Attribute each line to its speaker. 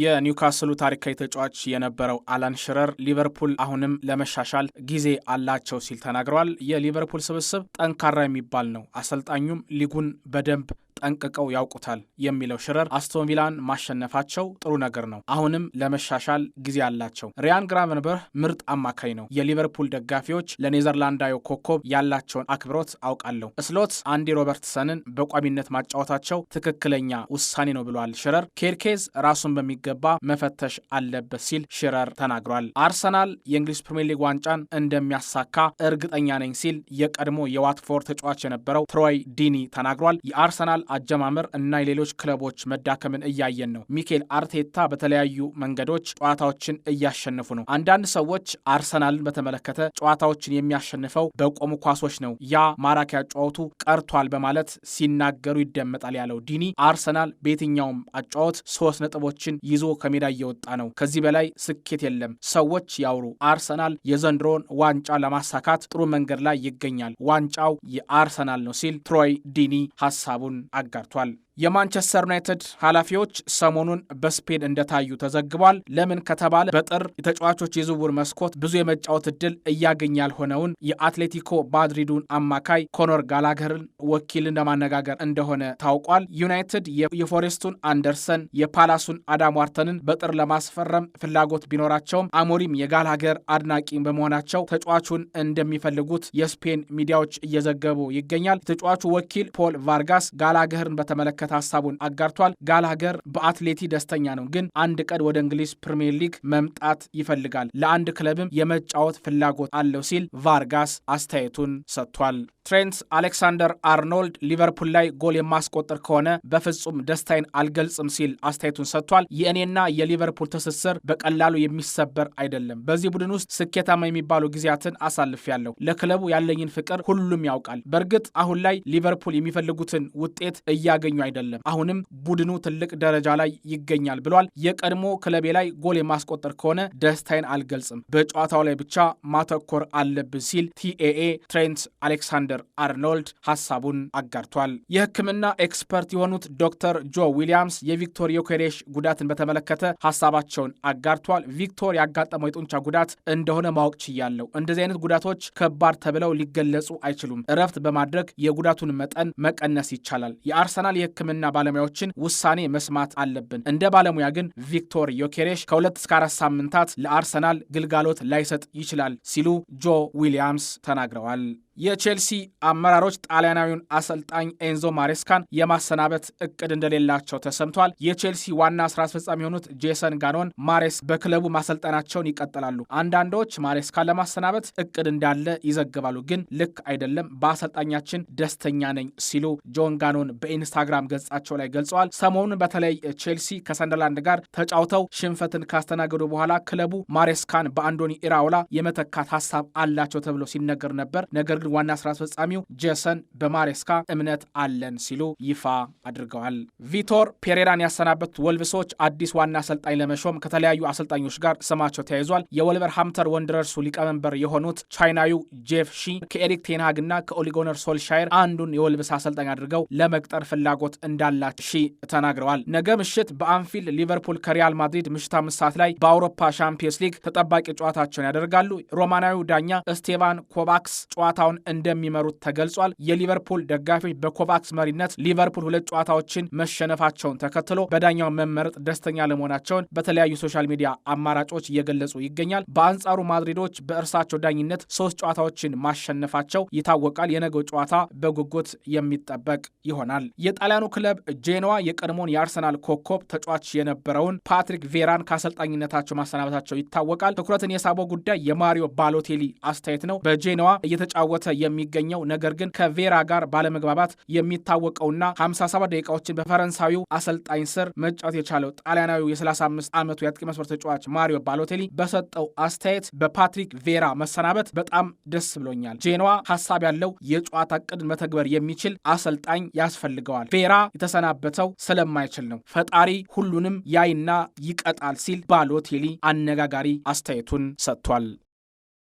Speaker 1: የኒውካስሉ ታሪካዊ ተጫዋች የነበረው አላን ሽረር ሊቨርፑል አሁንም ለመሻሻል ጊዜ አላቸው ሲል ተናግረዋል። የሊቨርፑል ስብስብ ጠንካራ የሚባል ነው። አሰልጣኙም ሊጉን በደንብ ጠንቅቀው ያውቁታል የሚለው ሽረር አስቶን ቪላን ማሸነፋቸው ጥሩ ነገር ነው። አሁንም ለመሻሻል ጊዜ አላቸው። ሪያን ግራቨንበርህ ምርጥ አማካኝ ነው። የሊቨርፑል ደጋፊዎች ለኔዘርላንዳዊ ኮከብ ያላቸውን አክብሮት አውቃለሁ። እስሎት አንዲ ሮበርትሰንን በቋሚነት ማጫወታቸው ትክክለኛ ውሳኔ ነው ብሏል ሽረር። ኬርኬዝ ራሱን በሚገባ መፈተሽ አለበት ሲል ሽረር ተናግሯል። አርሰናል የእንግሊዝ ፕሪምየር ሊግ ዋንጫን እንደሚያሳካ እርግጠኛ ነኝ ሲል የቀድሞ የዋትፎርድ ተጫዋች የነበረው ትሮይ ዲኒ ተናግሯል። የአርሰናል አጀማመር እና የሌሎች ክለቦች መዳከምን እያየን ነው። ሚኬል አርቴታ በተለያዩ መንገዶች ጨዋታዎችን እያሸነፉ ነው። አንዳንድ ሰዎች አርሰናልን በተመለከተ ጨዋታዎችን የሚያሸንፈው በቆሙ ኳሶች ነው፣ ያ ማራኪያ ጨዋቱ ቀርቷል በማለት ሲናገሩ ይደመጣል ያለው ዲኒ አርሰናል በየትኛውም አጫወት ሶስት ነጥቦችን ይዞ ከሜዳ እየወጣ ነው። ከዚህ በላይ ስኬት የለም። ሰዎች ያውሩ። አርሰናል የዘንድሮን ዋንጫ ለማሳካት ጥሩ መንገድ ላይ ይገኛል። ዋንጫው የአርሰናል ነው ሲል ትሮይ ዲኒ ሀሳቡን አጋርቷል። የማንቸስተር ዩናይትድ ኃላፊዎች ሰሞኑን በስፔን እንደታዩ ተዘግቧል። ለምን ከተባለ በጥር የተጫዋቾች የዝውውር መስኮት ብዙ የመጫወት እድል እያገኝ ያልሆነውን የአትሌቲኮ ማድሪዱን አማካይ ኮኖር ጋላገርን ወኪልን ለማነጋገር እንደሆነ ታውቋል። ዩናይትድ የፎሬስቱን አንደርሰን፣ የፓላሱን አዳም ዋርተንን በጥር ለማስፈረም ፍላጎት ቢኖራቸውም አሞሪም የጋላገር አድናቂ በመሆናቸው ተጫዋቹን እንደሚፈልጉት የስፔን ሚዲያዎች እየዘገቡ ይገኛል። የተጫዋቹ ወኪል ፖል ቫርጋስ ጋላገርን በተመለከ በሚመለከት ሀሳቡን አጋርቷል። ጋላገር በአትሌቲ ደስተኛ ነው፣ ግን አንድ ቀን ወደ እንግሊዝ ፕሪምየር ሊግ መምጣት ይፈልጋል፣ ለአንድ ክለብም የመጫወት ፍላጎት አለው ሲል ቫርጋስ አስተያየቱን ሰጥቷል። ትሬንት አሌክሳንደር አርኖልድ ሊቨርፑል ላይ ጎል የማስቆጠር ከሆነ በፍጹም ደስታይን አልገልጽም ሲል አስተያየቱን ሰጥቷል። የእኔና የሊቨርፑል ትስስር በቀላሉ የሚሰበር አይደለም። በዚህ ቡድን ውስጥ ስኬታማ የሚባሉ ጊዜያትን አሳልፌያለሁ። ለክለቡ ያለኝን ፍቅር ሁሉም ያውቃል። በእርግጥ አሁን ላይ ሊቨርፑል የሚፈልጉትን ውጤት እያገኙ አይደለም። አሁንም ቡድኑ ትልቅ ደረጃ ላይ ይገኛል ብሏል። የቀድሞ ክለቤ ላይ ጎል የማስቆጠር ከሆነ ደስታዬን አልገልጽም፣ በጨዋታው ላይ ብቻ ማተኮር አለብን ሲል ቲኤኤ ትሬንት አሌክሳንደር አርኖልድ ሀሳቡን አጋርቷል። የሕክምና ኤክስፐርት የሆኑት ዶክተር ጆ ዊሊያምስ የቪክቶር ዮኬሬሽ ጉዳትን በተመለከተ ሀሳባቸውን አጋርቷል። ቪክቶር ያጋጠመው የጡንቻ ጉዳት እንደሆነ ማወቅ ችያለው። እንደዚህ አይነት ጉዳቶች ከባድ ተብለው ሊገለጹ አይችሉም። እረፍት በማድረግ የጉዳቱን መጠን መቀነስ ይቻላል። የአርሰናል የህክምና ባለሙያዎችን ውሳኔ መስማት አለብን። እንደ ባለሙያ ግን ቪክቶር ዮኬሬሽ ከሁለት እስከ አራት ሳምንታት ለአርሰናል ግልጋሎት ላይሰጥ ይችላል ሲሉ ጆ ዊሊያምስ ተናግረዋል። የቼልሲ አመራሮች ጣሊያናዊውን አሰልጣኝ ኤንዞ ማሬስካን የማሰናበት እቅድ እንደሌላቸው ተሰምቷል። የቼልሲ ዋና ስራ አስፈጻሚ የሆኑት ጄሰን ጋኖን ማሬስ በክለቡ ማሰልጠናቸውን ይቀጥላሉ። አንዳንዶች ማሬስካን ለማሰናበት እቅድ እንዳለ ይዘግባሉ፣ ግን ልክ አይደለም፣ በአሰልጣኛችን ደስተኛ ነኝ ሲሉ ጆን ጋኖን በኢንስታግራም ገጻቸው ላይ ገልጸዋል። ሰሞኑን በተለይ ቼልሲ ከሰንደርላንድ ጋር ተጫውተው ሽንፈትን ካስተናገዱ በኋላ ክለቡ ማሬስካን በአንዶኒ ኢራውላ የመተካት ሀሳብ አላቸው ተብሎ ሲነገር ነበር ነገር ግን ዋና ስራ አስፈጻሚው ጄሰን በማሬስካ እምነት አለን ሲሉ ይፋ አድርገዋል። ቪቶር ፔሬራን ያሰናበቱት ወልቭሶች አዲስ ዋና አሰልጣኝ ለመሾም ከተለያዩ አሰልጣኞች ጋር ስማቸው ተያይዟል። የወልቨር ሃምተር ወንድረርሱ ሊቀመንበር የሆኑት ቻይናዊው ጄፍ ሺ ከኤሪክ ቴንሃግና ከኦሊጎነር ሶልሻየር አንዱን የወልቭስ አሰልጣኝ አድርገው ለመቅጠር ፍላጎት እንዳላቸው ሺ ተናግረዋል። ነገ ምሽት በአንፊልድ ሊቨርፑል ከሪያል ማድሪድ ምሽት አምስት ሰዓት ላይ በአውሮፓ ሻምፒየንስ ሊግ ተጠባቂ ጨዋታቸውን ያደርጋሉ። ሮማናዊው ዳኛ ስቴቫን ኮቫክስ ጨዋታውን እንደሚመሩት ተገልጿል። የሊቨርፑል ደጋፊዎች በኮቫክስ መሪነት ሊቨርፑል ሁለት ጨዋታዎችን መሸነፋቸውን ተከትሎ በዳኛው መመረጥ ደስተኛ ለመሆናቸውን በተለያዩ ሶሻል ሚዲያ አማራጮች እየገለጹ ይገኛል። በአንጻሩ ማድሪዶች በእርሳቸው ዳኝነት ሶስት ጨዋታዎችን ማሸነፋቸው ይታወቃል። የነገው ጨዋታ በጉጉት የሚጠበቅ ይሆናል። የጣሊያኑ ክለብ ጄኖዋ የቀድሞውን የአርሰናል ኮከብ ተጫዋች የነበረውን ፓትሪክ ቬራን ከአሰልጣኝነታቸው ማሰናበታቸው ይታወቃል። ትኩረትን የሳበው ጉዳይ የማሪዮ ባሎቴሊ አስተያየት ነው። በጄኖዋ እየተጫወ እየተጫወተ የሚገኘው ነገር ግን ከቬራ ጋር ባለመግባባት የሚታወቀውና 57 ደቂቃዎችን በፈረንሳዊው አሰልጣኝ ስር መጫወት የቻለው ጣሊያናዊው የ35 ዓመቱ የአጥቂ መስመር ተጫዋች ማሪዮ ባሎቴሊ በሰጠው አስተያየት በፓትሪክ ቬራ መሰናበት በጣም ደስ ብሎኛል። ጄኖዋ ሀሳብ ያለው የጨዋታ እቅድ መተግበር የሚችል አሰልጣኝ ያስፈልገዋል። ቬራ የተሰናበተው ስለማይችል ነው። ፈጣሪ ሁሉንም ያይና ይቀጣል ሲል ባሎቴሊ አነጋጋሪ አስተያየቱን ሰጥቷል።